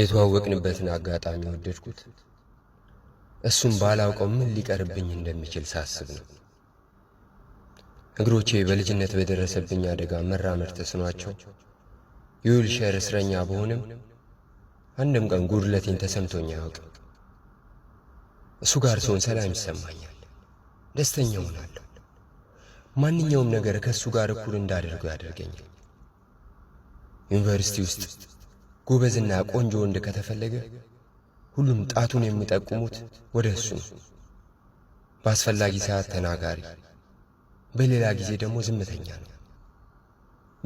የተዋወቅንበትን አጋጣሚ ወደድኩት። እሱም ባላውቀው ምን ሊቀርብኝ እንደሚችል ሳስብ ነው። እግሮቼ በልጅነት በደረሰብኝ አደጋ መራመድ ተስኗቸው የዊልሸር እስረኛ በሆንም አንድም ቀን ጉድለቴን ተሰምቶኝ አያውቅም። እሱ ጋር ስሆን ሰላም ይሰማኛል፣ ደስተኛ እሆናለሁ። ማንኛውም ነገር ከእሱ ጋር እኩል እንዳደርገው ያደርገኛል። ዩኒቨርሲቲ ውስጥ ጎበዝና ቆንጆ ወንድ ከተፈለገ ሁሉም ጣቱን የሚጠቁሙት ወደ እሱ ነው። በአስፈላጊ ሰዓት ተናጋሪ፣ በሌላ ጊዜ ደግሞ ዝምተኛ ነው።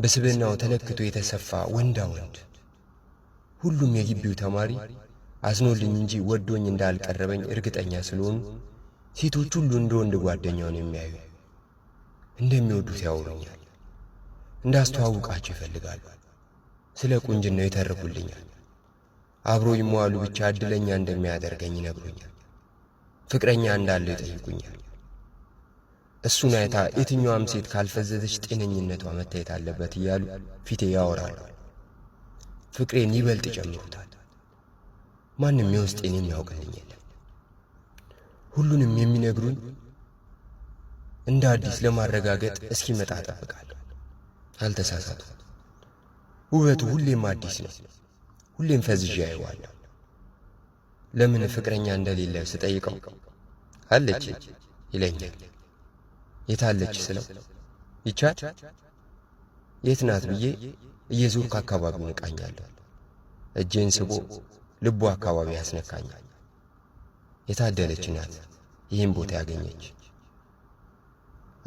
በስብናው ተለክቶ የተሰፋ ወንዳ ወንድ። ሁሉም የግቢው ተማሪ አዝኖልኝ እንጂ ወዶኝ እንዳልቀረበኝ እርግጠኛ ስለሆኑ ሴቶች ሁሉ እንደ ወንድ ጓደኛውን የሚያዩ እንደሚወዱት ያወሩኛል፣ እንዳስተዋውቃቸው ይፈልጋሉ። ስለ ቁንጅናው ይተርኩልኛል። አብሮ ይመዋሉ ብቻ ዕድለኛ እንደሚያደርገኝ ይነግሩኛል። ፍቅረኛ እንዳለው ይጠይቁኛል። እሱን አይታ የትኛዋም ሴት ካልፈዘዘች ጤነኝነቷ መታየት አለበት እያሉ ፊቴ ያወራሉ። ፍቅሬን ይበልጥ ይጨምሩታል። ማንም የውስጤን የሚያውቅልኝ የለም። ሁሉንም የሚነግሩኝ እንደ አዲስ ለማረጋገጥ እስኪመጣ እጠብቃለሁ። አልተሳሳቱ ውበቱ ሁሌም አዲስ ነው። ሁሌም ፈዝዣ ያየዋለሁ። ለምን ፍቅረኛ እንደሌለ ስጠይቀው አለች ይለኛል። የታለች ስለው ይቻት የት ናት ብዬ እየዞርኩ አካባቢውን ንቃኛለሁ። እጄን ስቦ ልቡ አካባቢ ያስነካኛል። የታደለች ናት ይህን ቦታ ያገኘች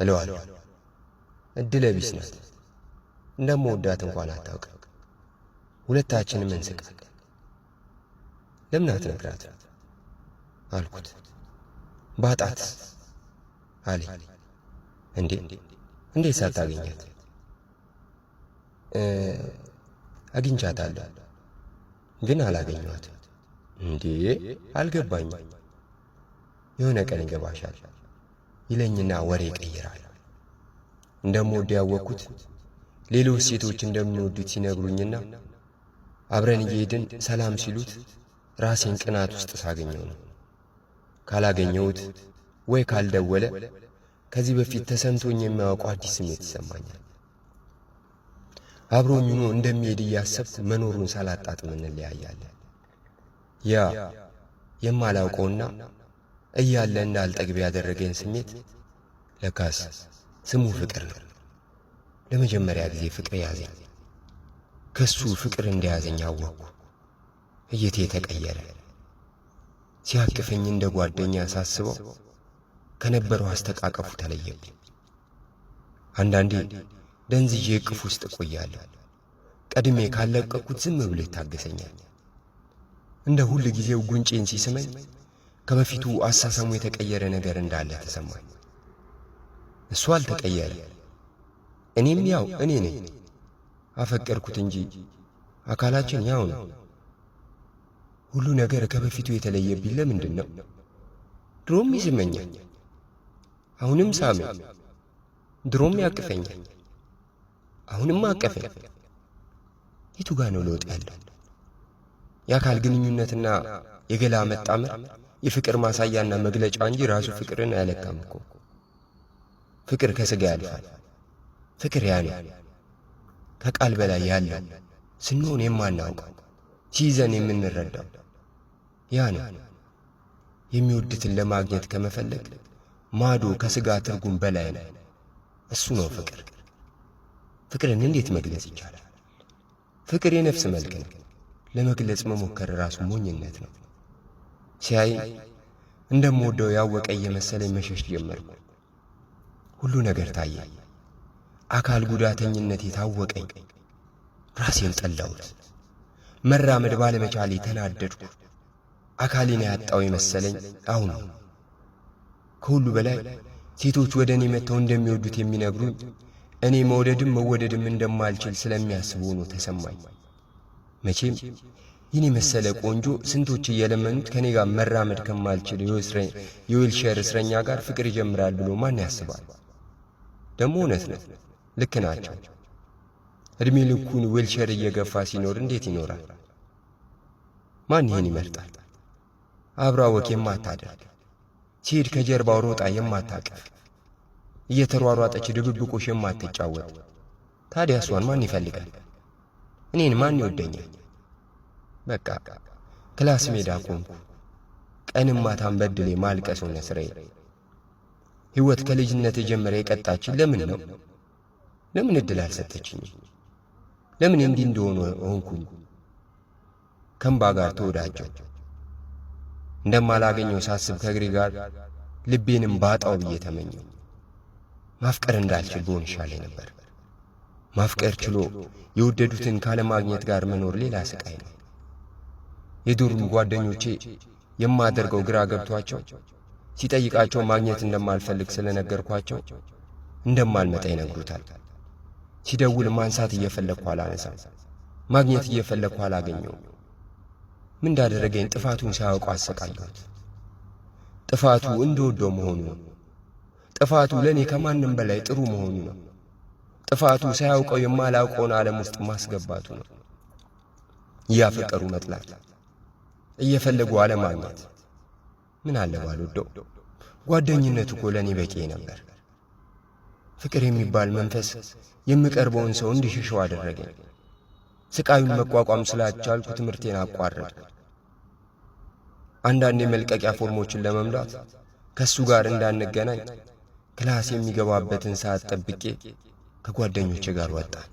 እለዋለሁ። እድለ ቢስ ናት። እንደምወዳት እንኳን አታውቅም። ሁለታችንም እንስቃለን። ለምን አትነግራት አልኩት። ባጣት አለ። እንዴ እንዴት ሳታገኛት? አግኝቻታለሁ ግን አላገኘኋት። እንዴ አልገባኝም። የሆነ ቀን ይገባሻል ይለኝና ወሬ ይቀይራል። እንደምወደው ያወቅኩት ሌሎች ሴቶች እንደሚወዱት ሲነግሩኝና አብረን እየሄድን ሰላም ሲሉት ራሴን ቅናት ውስጥ ሳገኘው ነው። ካላገኘሁት ወይ ካልደወለ ከዚህ በፊት ተሰምቶኝ የሚያወቀው አዲስ ስሜት ይሰማኛል። አብሮኝ ሆኖ እንደሚሄድ እያሰብኩ መኖሩን ሳላጣጥም እንለያያለን። ያ የማላውቀውና እያለ እንዳልጠግብ ያደረገኝ ስሜት ለካስ ስሙ ፍቅር ነው። ለመጀመሪያ ጊዜ ፍቅር ያዘኝ። ከሱ ፍቅር እንደያዘኝ አወቅኩ። እየቴ ተቀየረ። ሲያቅፈኝ እንደ ጓደኛ ሳስበው ከነበረው አስተቃቀፉ ተለየብኝ። አንዳንዴ ደንዝዬ እቅፍ ውስጥ እቆያለሁ። ቀድሜ ካለቀኩት ዝም ብሎ ይታገሰኛል። እንደ ሁል ጊዜው ጉንጬን ሲስመኝ ከበፊቱ አሳሰሙ የተቀየረ ነገር እንዳለ ተሰማኝ። እሱ አልተቀየረ እኔም ያው እኔ ነኝ። አፈቀርኩት እንጂ አካላችን ያው ነው። ሁሉ ነገር ከበፊቱ የተለየብኝ ለምንድን ነው? ድሮም ይስመኛል፣ አሁንም ሳመኝ። ድሮም ያቅፈኛል፣ አሁንም አቀፈኝ። የቱ ጋ ነው ለውጥ ያለው? የአካል ግንኙነትና የገላ መጣመር የፍቅር ማሳያና መግለጫ እንጂ ራሱ ፍቅርን አያለካም እኮ። ፍቅር ከሥጋ ያልፋል። ፍቅር ያለ ከቃል በላይ ያለው ስንሆን የማናውቀው ሲይዘን የምንረዳው ያ ነው። የሚወድትን ለማግኘት ከመፈለግ ማዶ ከሥጋ ትርጉም በላይ ነው። እሱ ነው ፍቅር። ፍቅርን እንዴት መግለጽ ይቻላል? ፍቅር የነፍስ መልክ ነው። ለመግለጽ መሞከር ራሱ ሞኝነት ነው። ሲያይ እንደምወደው ያወቀ እየመሰለኝ መሸሽ ጀመርኩ። ሁሉ ነገር ታየ። አካል ጉዳተኝነት የታወቀኝ ራሴን ጠላሁት። መራመድ ባለመቻሌ ተናደድኩ። አካሌን ያጣው የመሰለኝ አሁን ነው። ከሁሉ በላይ ሴቶች ወደ እኔ መጥተው እንደሚወዱት የሚነግሩኝ እኔ መውደድም መወደድም እንደማልችል ስለሚያስቡ ሆኖ ተሰማኝ። መቼም ይህን የመሰለ ቆንጆ ስንቶች እየለመኑት ከእኔ ጋር መራመድ ከማልችል የዌልሸር እስረኛ ጋር ፍቅር ይጀምራል ብሎ ማን ያስባል? ደግሞ እውነት ነው። ልክ ናቸው። ዕድሜ ልኩን ዌልቸር እየገፋ ሲኖር እንዴት ይኖራል? ማን ይህን ይመርጣል? አብራ ወክ የማታደርግ ሲሄድ ከጀርባው ሮጣ የማታቀፍ እየተሯሯጠች ድብብቆሽ የማትጫወት ታዲያ እሷን ማን ይፈልጋል? እኔን ማን ይወደኛል? በቃ ክላስ ሜዳ ቆምኩ። ቀንም ማታም በድሌ ማልቀስ ሆነ ሕይወት ከልጅነት የጀመረ የቀጣችን ለምን ነው? ለምን እድል አልሰጠችኝ? ለምን እንዲህ እንደሆነ ሆንኩኝ? ከእምባ ጋር ተወዳጀው እንደማላገኘው ሳስብ ከእግሬ ጋር ልቤንም ባጣው ብዬ ተመኘው። ማፍቀር እንዳልችል ብሆን ይሻለኝ ነበር። ማፍቀር ችሎ የወደዱትን ካለማግኘት ጋር መኖር ሌላ ስቃይ ነው። የዱሩም ጓደኞቼ የማደርገው ግራ ገብቷቸው ሲጠይቃቸው ማግኘት እንደማልፈልግ ስለነገርኳቸው እንደማልመጣ ይነግሩታል። ሲደውል ማንሳት እየፈለግኩ አላነሳም። ማግኘት እየፈለግኩ አላገኘው። ምን እንዳደረገኝ ጥፋቱን ሳያውቁ አሰቃየሁት። ጥፋቱ እንደወደው መሆኑ ነው። ጥፋቱ ለእኔ ከማንም በላይ ጥሩ መሆኑ ነው። ጥፋቱ ሳያውቀው የማላውቀውን ዓለም ውስጥ ማስገባቱ ነው። እያፈቀሩ መጥላት፣ እየፈለጉ አለማግኘት ምን አለ ባልወደው። ጓደኝነቱ እኮ ለእኔ በቂ ነበር። ፍቅር የሚባል መንፈስ የምቀርበውን ሰው እንዲሸሸው አደረገኝ። ስቃዩን መቋቋም ስላልቻልኩ ትምህርቴን አቋረጥ። አንዳንድ የመልቀቂያ ፎርሞችን ለመምላት ከእሱ ጋር እንዳንገናኝ ክላስ የሚገባበትን ሰዓት ጠብቄ ከጓደኞቼ ጋር ወጣት።